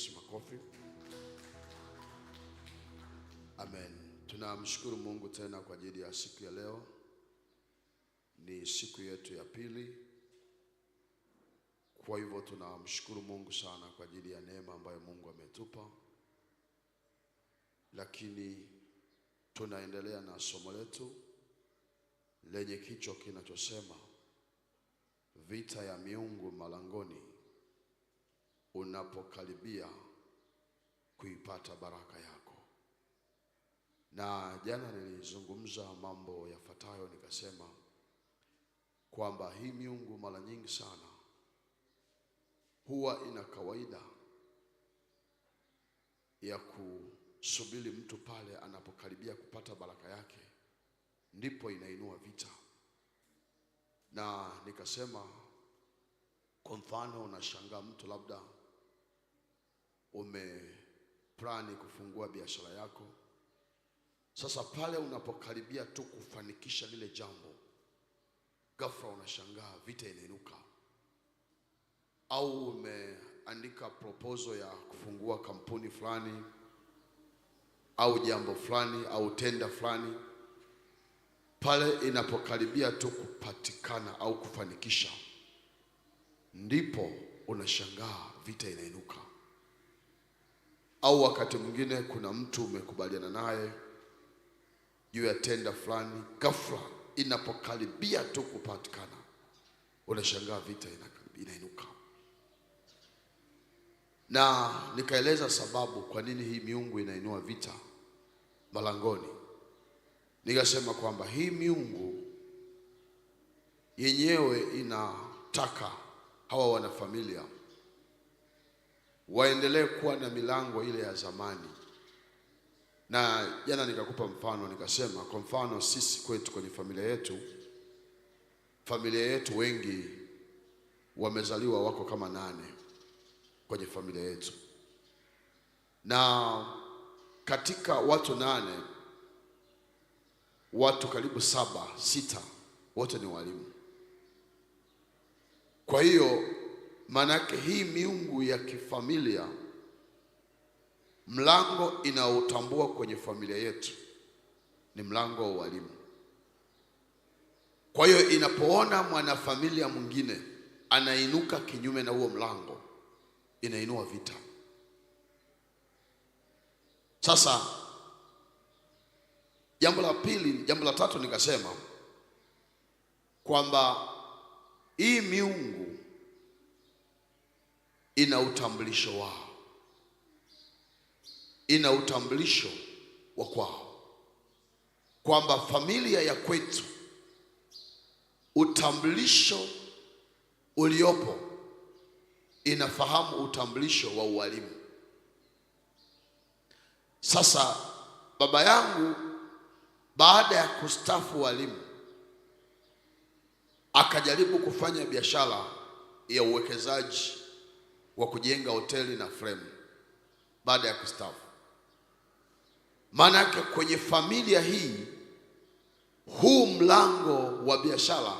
Yesu makofi. Amen. Tunamshukuru Mungu tena kwa ajili ya siku ya leo. Ni siku yetu ya pili. Kwa hivyo tunamshukuru Mungu sana kwa ajili ya neema ambayo Mungu ametupa. Lakini tunaendelea na somo letu lenye kichwa kinachosema vita ya miungu malangoni unapokaribia kuipata baraka yako. Na jana nilizungumza mambo yafuatayo, nikasema kwamba hii miungu mara nyingi sana huwa ina kawaida ya kusubiri mtu pale anapokaribia kupata baraka yake, ndipo inainua vita. Na nikasema kwa mfano, unashangaa mtu labda umeplani kufungua biashara yako. Sasa pale unapokaribia tu kufanikisha lile jambo, ghafla unashangaa vita inainuka, au umeandika proposal ya kufungua kampuni fulani au jambo fulani au tenda fulani, pale inapokaribia tu kupatikana au kufanikisha, ndipo unashangaa vita inainuka au wakati mwingine kuna mtu umekubaliana naye juu ya tenda fulani, ghafla inapokaribia tu kupatikana, unashangaa vita inainuka. Na nikaeleza sababu kwa nini hii miungu inainua vita malangoni. Nikasema kwamba hii miungu yenyewe inataka hawa wanafamilia waendelee kuwa na milango ile ya zamani. Na jana nikakupa mfano, nikasema kwa mfano sisi kwetu kwenye familia yetu, familia yetu wengi wamezaliwa wako kama nane kwenye familia yetu, na katika watu nane, watu karibu saba sita wote ni walimu. Kwa hiyo Maanake hii miungu ya kifamilia mlango inaotambua kwenye familia yetu ni mlango wa walimu. Kwa hiyo inapoona mwanafamilia mwingine anainuka kinyume na huo mlango, inainua vita. Sasa jambo la pili, jambo la tatu nikasema kwamba hii miungu ina utambulisho wao, ina utambulisho wa kwao, kwamba familia ya kwetu, utambulisho uliopo inafahamu utambulisho wa ualimu. Sasa baba yangu baada ya kustafu walimu akajaribu kufanya biashara ya uwekezaji wa kujenga hoteli na fremu baada ya kustafu Maana yake kwenye familia hii, huu mlango wa biashara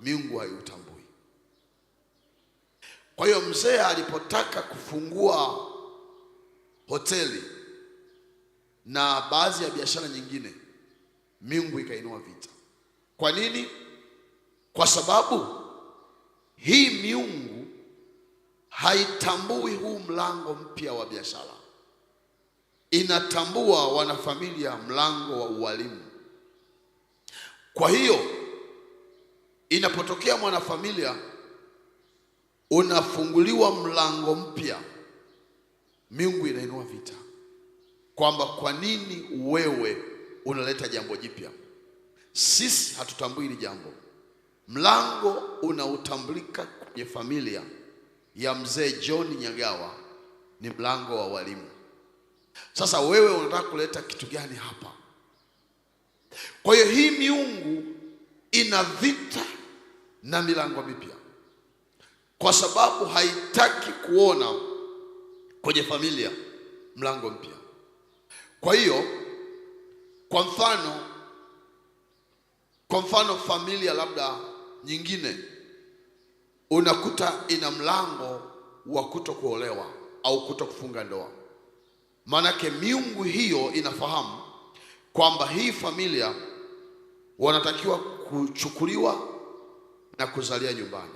miungu haiutambui. Kwa hiyo mzee alipotaka kufungua hoteli na baadhi ya biashara nyingine, miungu ikainua vita. Kwa nini? Kwa sababu hii miungu haitambui huu mlango mpya wa biashara, inatambua wanafamilia mlango wa ualimu. Kwa hiyo inapotokea mwanafamilia unafunguliwa mlango mpya, miungu inainua vita kwamba kwa nini wewe unaleta jambo jipya? Sisi hatutambui hili jambo. Mlango unaotambulika kwenye familia ya mzee John Nyagawa ni mlango wa walimu. Sasa wewe unataka kuleta kitu gani hapa? Kwa hiyo hii miungu ina vita na milango mipya, kwa sababu haitaki kuona kwenye familia mlango mpya. Kwa hiyo kwa mfano, kwa mfano familia labda nyingine unakuta ina mlango wa kuto kuolewa au kuto kufunga ndoa. Maanake miungu hiyo inafahamu kwamba hii familia wanatakiwa kuchukuliwa na kuzalia nyumbani.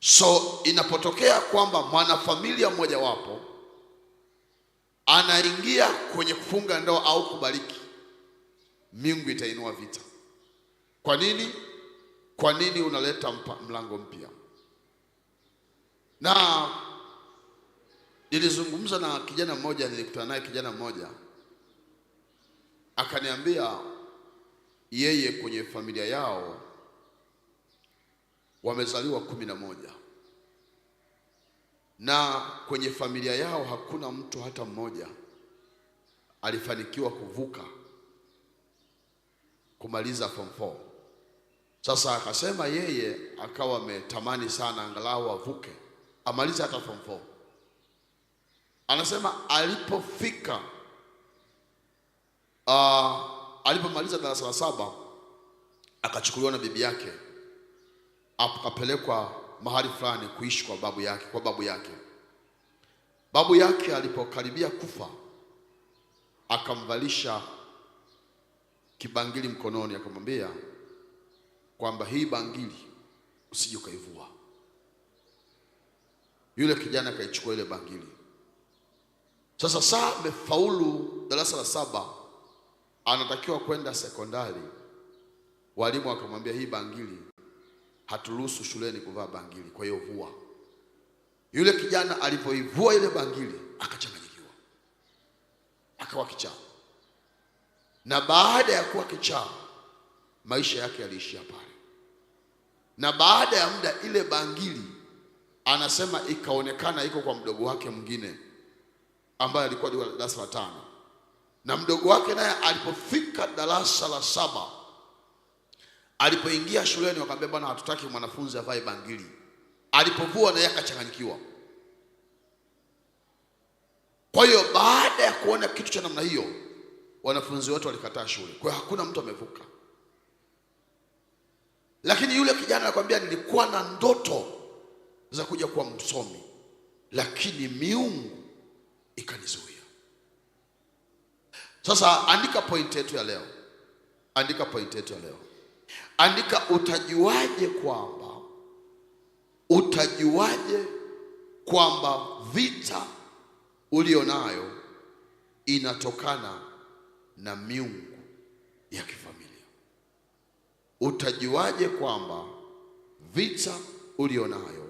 So inapotokea kwamba mwanafamilia mmojawapo anaingia kwenye kufunga ndoa au kubariki, miungu itainua vita. Kwa nini? Kwa nini unaleta mpa, mlango mpya? na nilizungumza na kijana mmoja, nilikutana naye kijana mmoja akaniambia yeye kwenye familia yao wamezaliwa kumi na moja na kwenye familia yao hakuna mtu hata mmoja alifanikiwa kuvuka kumaliza form 4. Sasa akasema yeye akawa ametamani sana angalau avuke amalize hata form 4. Anasema alipofika uh, alipomaliza darasa la saba akachukuliwa na bibi yake akapelekwa mahali fulani kuishi kwa babu yake, kwa babu yake. Babu yake alipokaribia kufa akamvalisha kibangili mkononi, akamwambia kwamba hii bangili usije ukaivua yule kijana akaichukua ile bangili. Sasa saa amefaulu darasa la saba, anatakiwa kwenda sekondari. Walimu wakamwambia hii bangili haturuhusu shuleni kuvaa bangili, kwa hiyo vua. Yule kijana alipoivua ile bangili akachanganyikiwa, akawa kichaa, na baada ya kuwa kichaa maisha yake yaliishia pale, na baada ya muda ile bangili anasema ikaonekana iko kwa mdogo wake mwingine ambaye alikuwa darasa la tano, na mdogo wake naye alipofika darasa la saba, alipoingia shuleni wakamwambia, bwana, hatutaki mwanafunzi avae bangili. Alipovua naye akachanganyikiwa. Kwa hiyo baada ya kuona kitu cha namna hiyo, wanafunzi wote walikataa shule. Kwa hiyo hakuna mtu amevuka, lakini yule kijana anakuambia, nilikuwa na ndoto za kuja kuwa msomi, lakini miungu ikanizuia. Sasa andika point yetu ya leo, andika point yetu ya leo, andika utajuaje kwamba, utajuaje kwamba vita ulionayo inatokana na miungu ya kifamilia. Utajuaje kwamba vita ulionayo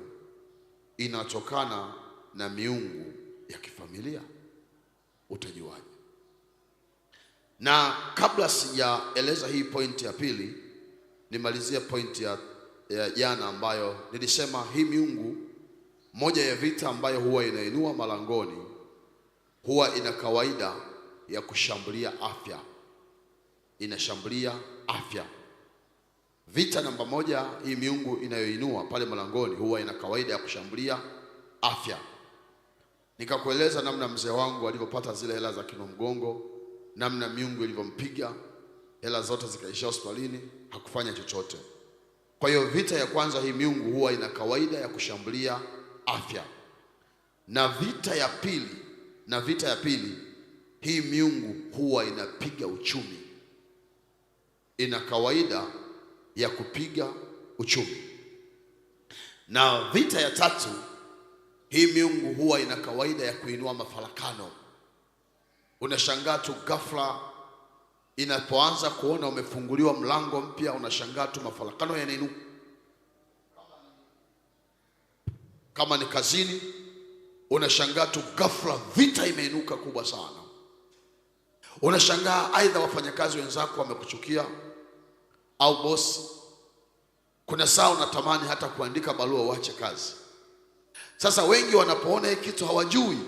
inatokana na miungu ya kifamilia utajuaje? Na kabla sijaeleza hii pointi ya pili, nimalizie pointi ya jana ambayo nilisema hii miungu, moja ya vita ambayo huwa inainua malangoni, huwa ina kawaida ya kushambulia afya, inashambulia afya Vita namba moja, hii miungu inayoinua pale mlangoni huwa ina kawaida ya kushambulia afya. Nikakueleza namna mzee wangu alivyopata zile hela za kino mgongo, namna miungu ilivyompiga, hela zote zikaishia hospitalini, hakufanya chochote. Kwa hiyo vita ya kwanza, hii miungu huwa ina kawaida ya kushambulia afya. Na vita ya pili, na vita ya pili, hii miungu huwa inapiga uchumi, ina kawaida ya kupiga uchumi. Na vita ya tatu hii, miungu huwa ina kawaida ya kuinua mafarakano. Unashangaa tu ghafla inapoanza kuona umefunguliwa mlango mpya, unashangaa tu mafarakano yanainuka. Kama ni kazini, unashangaa tu ghafla vita imeinuka kubwa sana. Unashangaa aidha wafanyakazi wenzako wamekuchukia au bosi. Kuna saa unatamani hata kuandika barua uache kazi. Sasa wengi wanapoona hii kitu hawajui,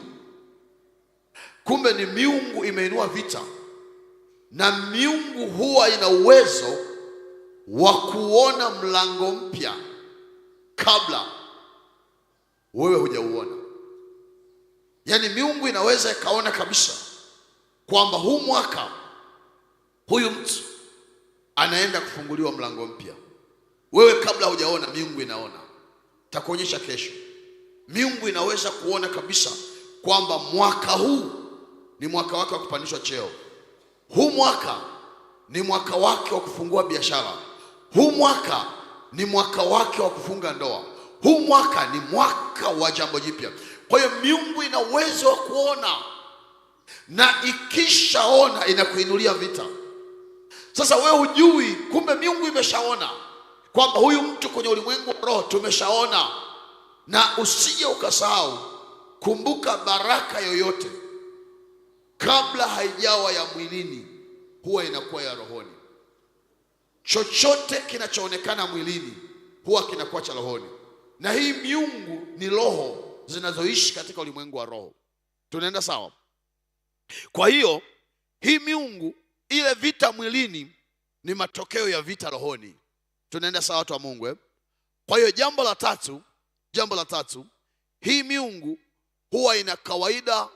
kumbe ni miungu imeinua vita, na miungu huwa ina uwezo wa kuona mlango mpya kabla wewe hujauona. Yaani miungu inaweza ikaona kabisa kwamba huu mwaka huyu mtu anaenda kufunguliwa mlango mpya. Wewe kabla hujaona, miungu inaona. Takuonyesha kesho. Miungu inaweza kuona kabisa kwamba mwaka huu ni mwaka wake wa kupandishwa cheo, huu mwaka ni mwaka wake wa kufungua biashara, huu mwaka ni mwaka wake wa kufunga ndoa, huu mwaka ni mwaka wa jambo jipya. Kwa hiyo miungu ina uwezo wa kuona, na ikishaona inakuinulia vita. Sasa we hujui, kumbe miungu imeshaona kwamba huyu mtu kwenye ulimwengu wa roho tumeshaona. Na usije ukasahau, kumbuka, baraka yoyote kabla haijawa ya mwilini huwa inakuwa ya rohoni. Chochote kinachoonekana mwilini huwa kinakuwa cha rohoni, na hii miungu ni roho zinazoishi katika ulimwengu wa roho. Tunaenda sawa? Kwa hiyo hii miungu ile vita mwilini ni matokeo ya vita rohoni. Tunaenda sawa, watu wa Mungu eh? Kwa hiyo jambo la tatu, jambo la tatu, hii miungu huwa ina kawaida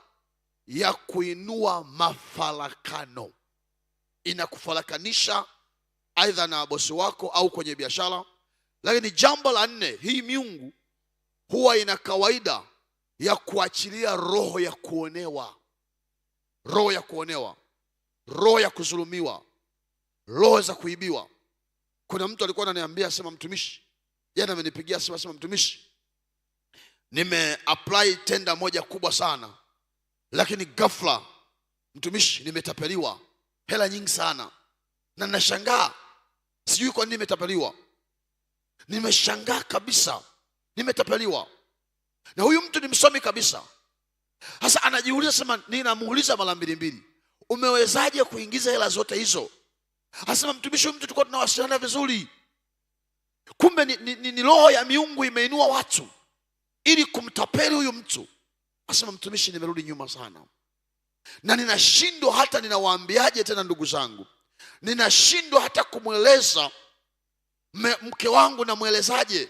ya kuinua mafarakano, inakufarakanisha aidha na bosi wako au kwenye biashara. Lakini jambo la nne, hii miungu huwa ina kawaida ya kuachilia roho ya kuonewa, roho ya kuonewa roho ya kuzulumiwa roho za kuibiwa. Kuna mtu alikuwa ananiambia sema, mtumishi, yeye amenipigia sema, sema mtumishi, nime apply tenda moja kubwa sana, lakini ghafla mtumishi, nimetapeliwa hela nyingi sana, na nashangaa sijui kwa nini nimetapeliwa. Nimeshangaa kabisa, nimetapeliwa. Na huyu mtu ni msomi kabisa. Sasa anajiuliza sema, ninamuuliza mara mbili mbili umewezaje kuingiza hela zote hizo? Asema mtumishi mtu, tulikuwa tunawasiliana vizuri, kumbe ni, ni, ni, ni roho ya miungu imeinua watu ili kumtapeli huyu mtu. Asema mtumishi, nimerudi nyuma sana na ninashindwa hata ninawaambiaje tena ndugu zangu, ninashindwa hata kumweleza mke wangu, namwelezaje?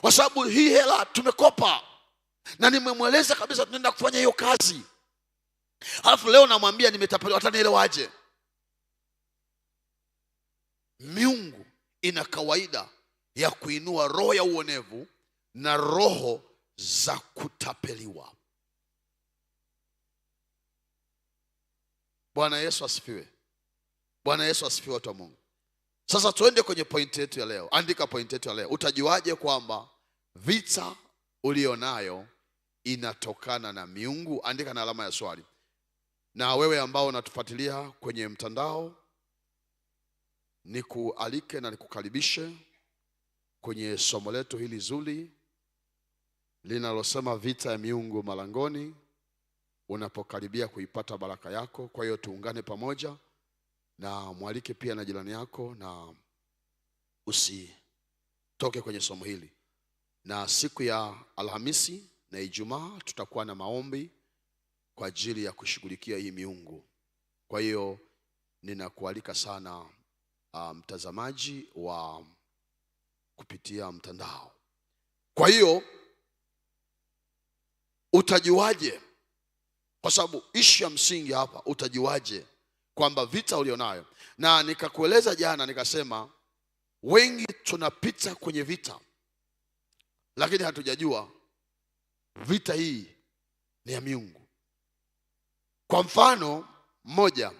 Kwa sababu hii hela tumekopa na nimemweleza kabisa tunaenda kufanya hiyo kazi alafu leo namwambia nimetapeliwa, watanielewaje? Miungu ina kawaida ya kuinua roho ya uonevu na roho za kutapeliwa. Bwana Yesu asifiwe. Bwana Yesu asifiwe, watu wa Mungu. Sasa tuende kwenye pointi yetu ya leo. Andika pointi yetu ya leo. Utajuaje kwamba vita ulionayo inatokana na miungu? Andika na alama ya swali na wewe ambao unatufuatilia kwenye mtandao, nikualike na nikukaribishe kwenye somo letu hili zuri linalosema vita ya miungu malangoni, unapokaribia kuipata baraka yako. Kwa hiyo tuungane pamoja na mwalike pia na jirani yako, na usitoke kwenye somo hili. Na siku ya Alhamisi na Ijumaa tutakuwa na maombi kwa ajili ya kushughulikia hii miungu. Kwa hiyo ninakualika sana ah, mtazamaji wa kupitia mtandao. Kwa hiyo utajuaje? Kwa sababu ishu ya msingi hapa, utajuaje kwamba vita ulionayo? Na nikakueleza jana, nikasema wengi tunapita kwenye vita, lakini hatujajua vita hii ni ya miungu. Kwa mfano mmoja,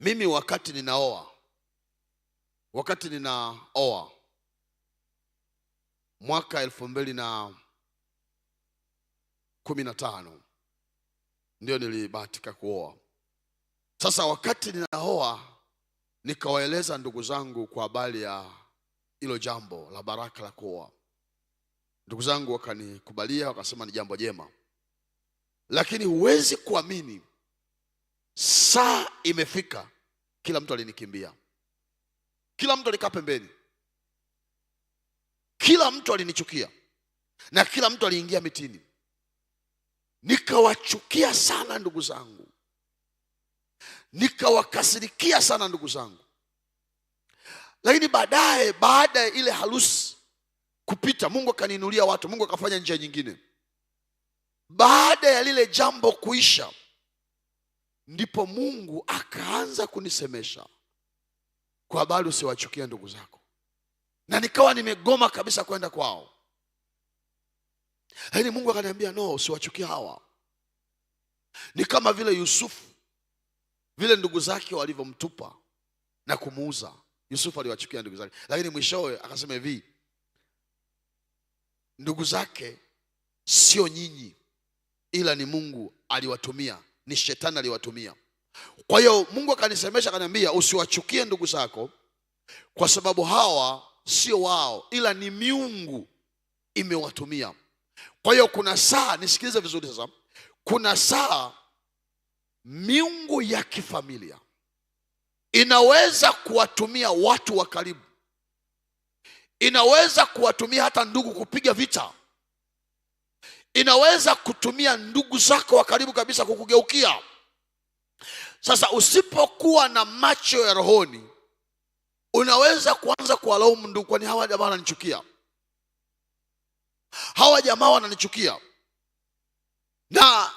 mimi wakati ninaoa, wakati ninaoa mwaka elfu mbili na kumi na tano ndio nilibahatika kuoa. Sasa wakati ninaoa, nikawaeleza ndugu zangu kwa habari ya hilo jambo la baraka la kuoa. Ndugu zangu wakanikubalia, wakasema ni jambo jema. Lakini huwezi kuamini, saa imefika, kila mtu alinikimbia, kila mtu alikaa pembeni, kila mtu alinichukia na kila mtu aliingia mitini. Nikawachukia sana ndugu zangu, nikawakasirikia sana ndugu zangu. Lakini baadaye, baada ya ile harusi kupita, Mungu akaniinulia watu, Mungu akafanya njia nyingine. Baada ya lile jambo kuisha, ndipo Mungu akaanza kunisemesha kwa bado siwachukia ndugu zako, na nikawa nimegoma kabisa kwenda kwao. Lakini Mungu akaniambia no, usiwachukie hawa. Ni kama vile Yusufu, vile ndugu zake walivyomtupa na kumuuza. Yusufu aliwachukia ndugu zake, lakini mwishowe akasema hivi, ndugu zake sio nyinyi ila ni Mungu aliwatumia, ni shetani aliwatumia. Kwa hiyo Mungu akanisemesha akaniambia, usiwachukie ndugu zako, kwa sababu hawa sio wao, ila ni miungu imewatumia. Kwa hiyo kuna saa, nisikilize vizuri sasa, kuna saa miungu ya kifamilia inaweza kuwatumia watu wa karibu, inaweza kuwatumia hata ndugu kupiga vita inaweza kutumia ndugu zako wa karibu kabisa kukugeukia. Sasa usipokuwa na macho ya rohoni, unaweza kuanza kuwalaumu ndugu, kwani hawa jamaa wananichukia, hawa jamaa wananichukia. Na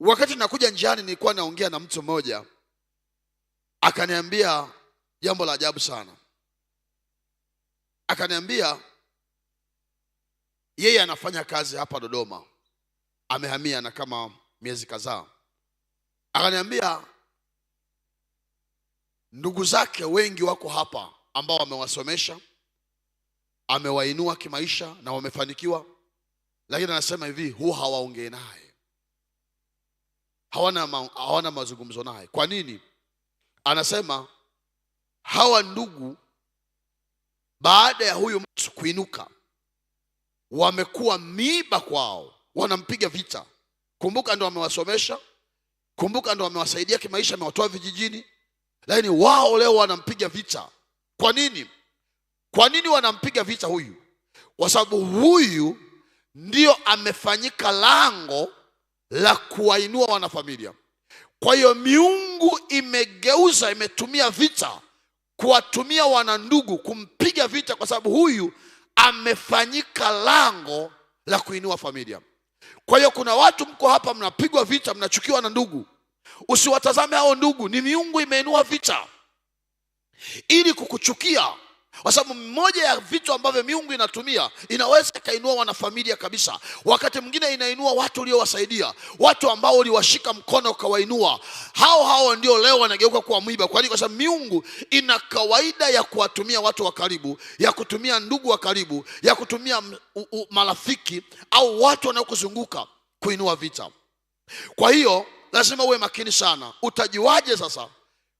wakati nakuja njiani, nilikuwa naongea na mtu mmoja, akaniambia jambo la ajabu sana, akaniambia yeye anafanya kazi hapa Dodoma, amehamia na kama miezi kadhaa, akaniambia ndugu zake wengi wako hapa ambao amewasomesha, amewainua kimaisha na wamefanikiwa, lakini anasema hivi, huwa hawaongee naye, hawana ma, hawana mazungumzo naye. Kwa nini? Anasema hawa ndugu baada ya huyu mtu kuinuka wamekuwa miiba kwao, wanampiga vita. Kumbuka ndo amewasomesha, kumbuka ndo amewasaidia kimaisha, amewatoa vijijini, lakini wao leo wanampiga vita. Kwa nini? Kwa nini wanampiga vita huyu? Kwa sababu huyu ndio amefanyika lango la kuwainua wanafamilia. Kwa hiyo miungu imegeuza, imetumia vita kuwatumia wanandugu kumpiga vita, kwa sababu huyu amefanyika lango la kuinua familia. Kwa hiyo kuna watu mko hapa, mnapigwa vita, mnachukiwa na ndugu. Usiwatazame hao ndugu, ni miungu imeinua vita ili kukuchukia kwa sababu mmoja ya vitu ambavyo miungu inatumia inaweza ikainua wanafamilia kabisa. Wakati mwingine inainua watu uliowasaidia, watu ambao uliwashika mkono ukawainua. Hao hao ndio leo wanageuka kuwa mwiba. Kwa nini? Kwa sababu miungu ina kawaida ya kuwatumia watu wa karibu, ya kutumia ndugu wa karibu, ya kutumia marafiki au watu wanaokuzunguka kuinua vita. Kwa hiyo lazima uwe makini sana. Utajuaje sasa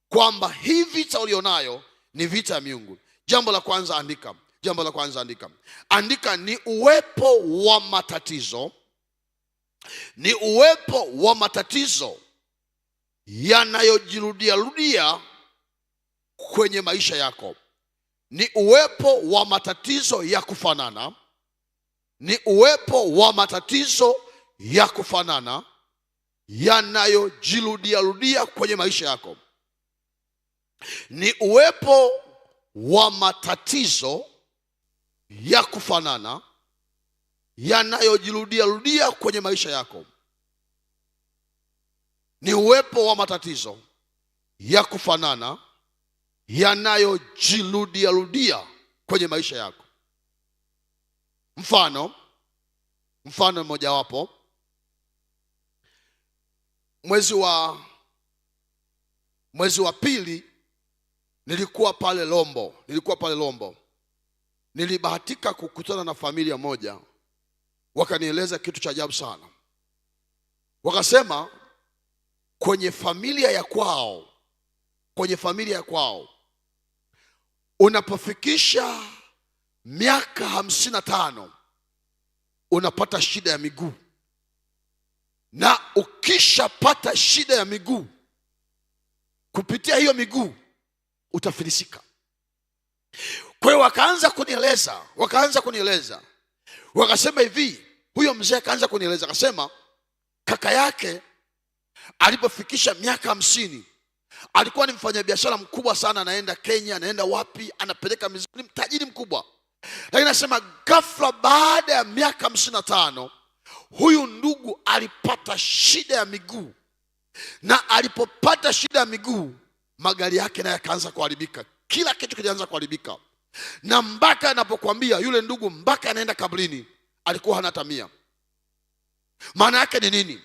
kwamba hii vita ulionayo ni vita ya miungu? jambo la kwanza andika jambo la kwanza andika andika ni uwepo wa matatizo ni uwepo wa matatizo yanayojirudia rudia kwenye maisha yako ni uwepo wa matatizo ya kufanana ni uwepo wa matatizo ya kufanana yanayojirudiarudia kwenye maisha yako ni uwepo wa matatizo ya kufanana yanayojirudia rudia kwenye maisha yako. Ni uwepo wa matatizo ya kufanana yanayojirudia rudia kwenye maisha yako. Mfano, mfano mmojawapo, mwezi wa mwezi wa pili Nilikuwa pale Lombo, nilikuwa pale Lombo, nilibahatika kukutana na familia moja, wakanieleza kitu cha ajabu sana. Wakasema kwenye familia ya kwao, kwenye familia ya kwao unapofikisha miaka hamsini na tano unapata shida ya miguu, na ukishapata shida ya miguu kupitia hiyo miguu utafilisika kwa hiyo wakaanza kunieleza wakaanza kunieleza wakasema hivi huyo mzee akaanza kunieleza akasema kaka yake alipofikisha miaka hamsini alikuwa ni mfanyabiashara mkubwa sana anaenda kenya anaenda wapi anapeleka mizigo ni mtajiri mkubwa lakini anasema ghafla baada ya miaka hamsini na tano huyu ndugu alipata shida ya miguu na alipopata shida ya miguu magari yake naye akaanza kuharibika, kila kitu kilianza kuharibika, na mpaka anapokuambia yule ndugu, mpaka anaenda kabrini alikuwa hana tamia. Maana yake ni nini?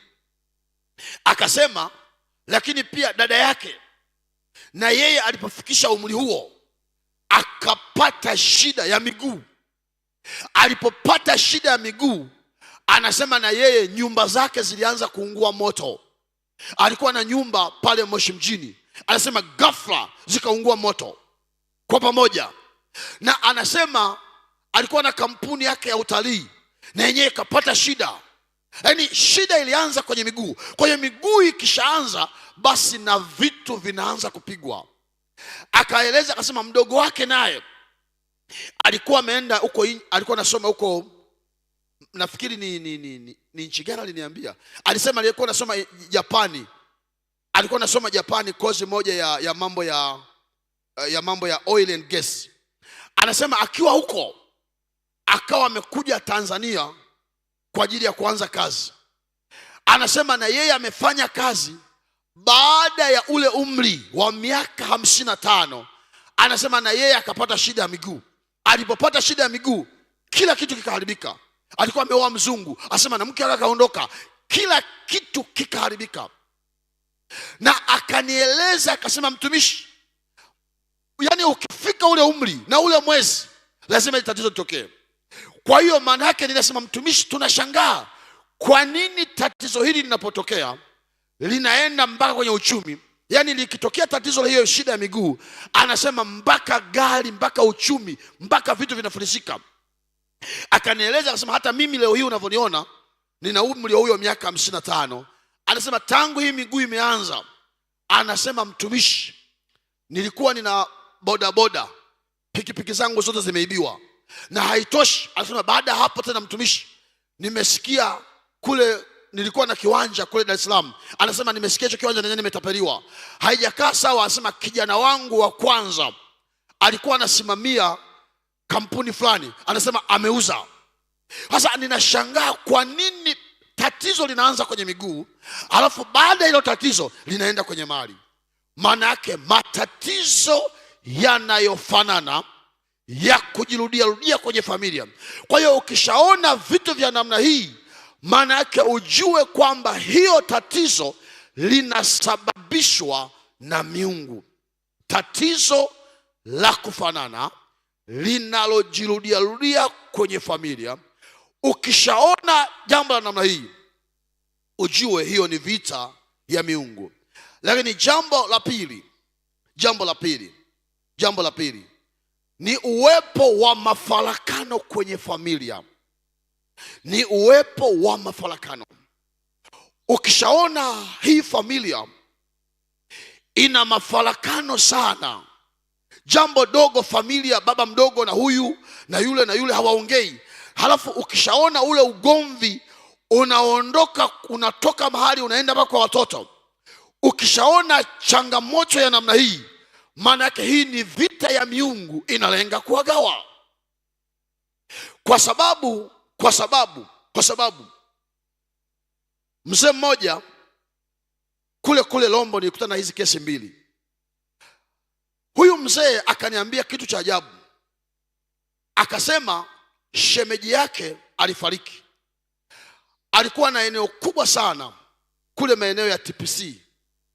Akasema lakini pia dada yake na yeye alipofikisha umri huo akapata shida ya miguu. Alipopata shida ya miguu, anasema na yeye nyumba zake zilianza kuungua moto. Alikuwa na nyumba pale Moshi mjini anasema ghafla zikaungua moto kwa pamoja, na anasema alikuwa na kampuni yake ya utalii na yenyewe ikapata shida. Yaani shida ilianza kwenye miguu. Kwenye miguu ikishaanza, basi na vitu vinaanza kupigwa. Akaeleza akasema, mdogo wake naye alikuwa ameenda huko, alikuwa anasoma huko, nafikiri ni, ni, ni, ni, ni nchi gani aliniambia, alisema aliyekuwa anasoma Japani alikuwa anasoma Japani kozi moja ya, ya mambo ya ya mambo ya oil and gas. Anasema akiwa huko akawa amekuja Tanzania kwa ajili ya kuanza kazi. Anasema na yeye amefanya kazi baada ya ule umri wa miaka hamsini na tano. Anasema na yeye akapata shida ya miguu. Alipopata shida ya miguu, kila kitu kikaharibika. Alikuwa ameoa mzungu, anasema na mke akaondoka, kila kitu kikaharibika na akanieleza akasema, mtumishi, yani ukifika ule umri na ule mwezi lazima ili tatizo litokee. Kwa hiyo maana yake ninasema, mtumishi, tunashangaa kwa nini tatizo hili linapotokea linaenda mpaka kwenye uchumi. Yani likitokea tatizo la hiyo shida ya miguu, anasema mpaka gari, mpaka uchumi, mpaka vitu vinafilisika. Akanieleza akasema, hata mimi leo hii unavyoniona nina umri wa huyo miaka hamsini na tano anasema tangu hii miguu imeanza, anasema mtumishi, nilikuwa nina bodaboda, pikipiki zangu zote zimeibiwa na haitoshi. Anasema baada ya hapo tena, mtumishi, nimesikia kule nilikuwa na kiwanja kule Dar es Salaam, anasema nimesikia hicho kiwanja nenyewe nimetapeliwa, haijakaa sawa. Anasema kijana wangu wa kwanza alikuwa anasimamia kampuni fulani, anasema ameuza. Sasa ninashangaa kwa nini tatizo linaanza kwenye miguu, alafu baada ya hilo tatizo linaenda kwenye mali. Maana yake matatizo yanayofanana ya kujirudia rudia kwenye familia. Kwa hiyo ukishaona vitu vya namna hii, maana yake ujue kwamba hiyo tatizo linasababishwa na miungu. Tatizo la kufanana linalojirudiarudia kwenye familia ukishaona jambo la namna hii ujue hiyo ni vita ya miungu lakini jambo la pili jambo la pili jambo la pili ni uwepo wa mafarakano kwenye familia ni uwepo wa mafarakano ukishaona hii familia ina mafarakano sana jambo dogo familia baba mdogo na huyu na yule na yule hawaongei halafu ukishaona ule ugomvi unaondoka unatoka mahali unaenda mpaka kwa watoto ukishaona changamoto ya namna hii maana yake hii ni vita ya miungu inalenga kuwagawa kwa sababu kwa sababu kwa sababu mzee mmoja kule kule lombo nilikutana na hizi kesi mbili huyu mzee akaniambia kitu cha ajabu akasema shemeji yake alifariki. Alikuwa na eneo kubwa sana kule maeneo ya TPC,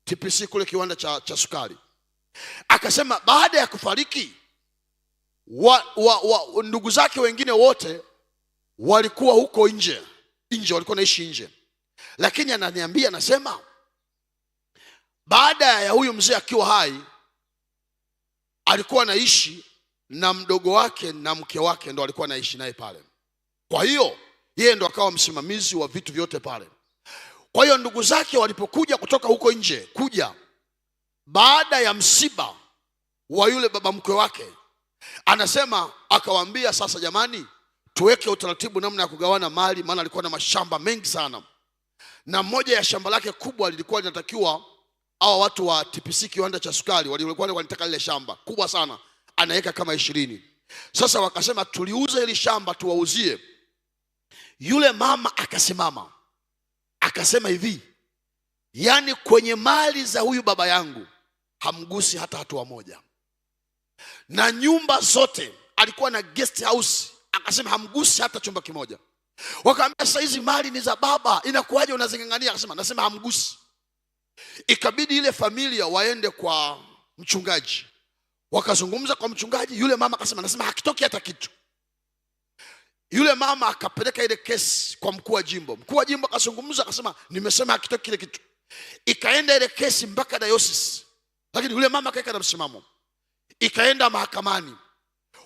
TPC kule kiwanda cha, cha sukari. Akasema baada ya kufariki wa, wa, wa, ndugu zake wengine wote walikuwa huko nje nje, walikuwa naishi nje, lakini ananiambia anasema, baada ya huyu mzee akiwa hai alikuwa anaishi na mdogo wake na mke wake ndo alikuwa anaishi naye pale. Kwa hiyo yeye ndo akawa msimamizi wa vitu vyote pale. Kwa hiyo ndugu zake walipokuja kutoka huko nje kuja baada ya msiba wa yule baba mkwe wake, anasema akawaambia, sasa jamani, tuweke utaratibu namna ya kugawana mali, maana alikuwa na mashamba mengi sana, na moja ya shamba lake kubwa lilikuwa linatakiwa hawa watu wa TPC kiwanda cha sukari walikuwa wanataka lile shamba kubwa sana anaweka kama ishirini. Sasa wakasema tuliuza hili shamba tuwauzie. Yule mama akasimama akasema hivi, yaani kwenye mali za huyu baba yangu hamgusi hata hatua moja, na nyumba zote alikuwa na guest house, akasema hamgusi hata chumba kimoja. Wakaambia sasa hizi mali ni za baba, inakuwaje unazingangania? Akasema nasema hamgusi. Ikabidi ile familia waende kwa mchungaji wakazungumza kwa mchungaji, yule mama akasema, nasema hakitoki hata kitu. Yule mama akapeleka ile kesi kwa mkuu wa jimbo. Mkuu wa jimbo akazungumza, akasema, nimesema hakitoki kile kitu. Ikaenda ile kesi mpaka diocese, lakini yule mama akaweka na msimamo, ikaenda mahakamani.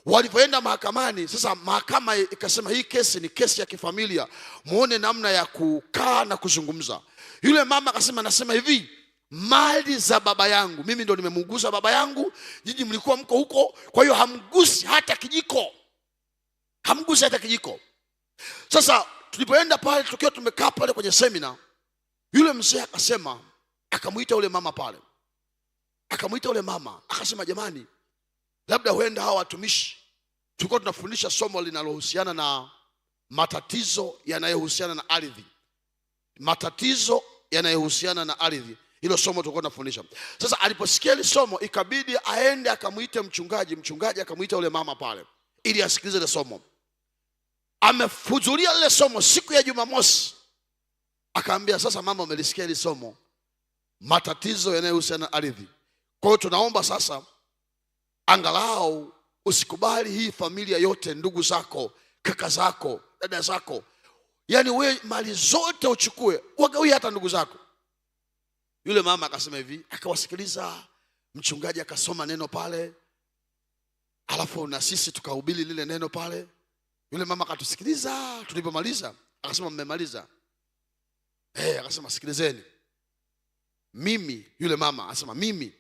Walivyoenda mahakamani sasa, mahakama ikasema hii kesi ni kesi ya kifamilia, muone namna ya kukaa na kuzungumza. Yule mama akasema, nasema hivi mali za baba yangu, mimi ndo nimemuuguza baba yangu. Nyinyi mlikuwa mko huko, kwa hiyo hamgusi hata kijiko, hamgusi hata kijiko. Sasa tulipoenda pale, tukiwa tumekaa pale kwenye semina, yule mzee akasema, akamwita yule mama pale, akamwita yule mama akasema, jamani, labda huenda hawa watumishi, tulikuwa tunafundisha somo linalohusiana na matatizo yanayohusiana na ardhi, matatizo yanayohusiana na ardhi hilo somo tulikuwa tunafundisha. Sasa aliposikia hili somo, ikabidi aende akamwite mchungaji, mchungaji akamwita yule mama pale ili asikilize ile somo. Amehudhuria lile somo siku ya Jumamosi, akaambia sasa, mama, umelisikia hili somo, matatizo yanayohusiana na ardhi. Kwa hiyo tunaomba sasa, angalau usikubali hii familia yote, ndugu zako, kaka zako, dada zako, yaani wewe mali zote uchukue, wagawie hata ndugu zako yule mama akasema hivi, akawasikiliza mchungaji, akasoma neno pale, alafu na sisi tukahubiri lile neno pale. Yule mama akatusikiliza, tulipomaliza akasema mmemaliza? Eh, akasema sikilizeni, mimi yule mama akasema mimi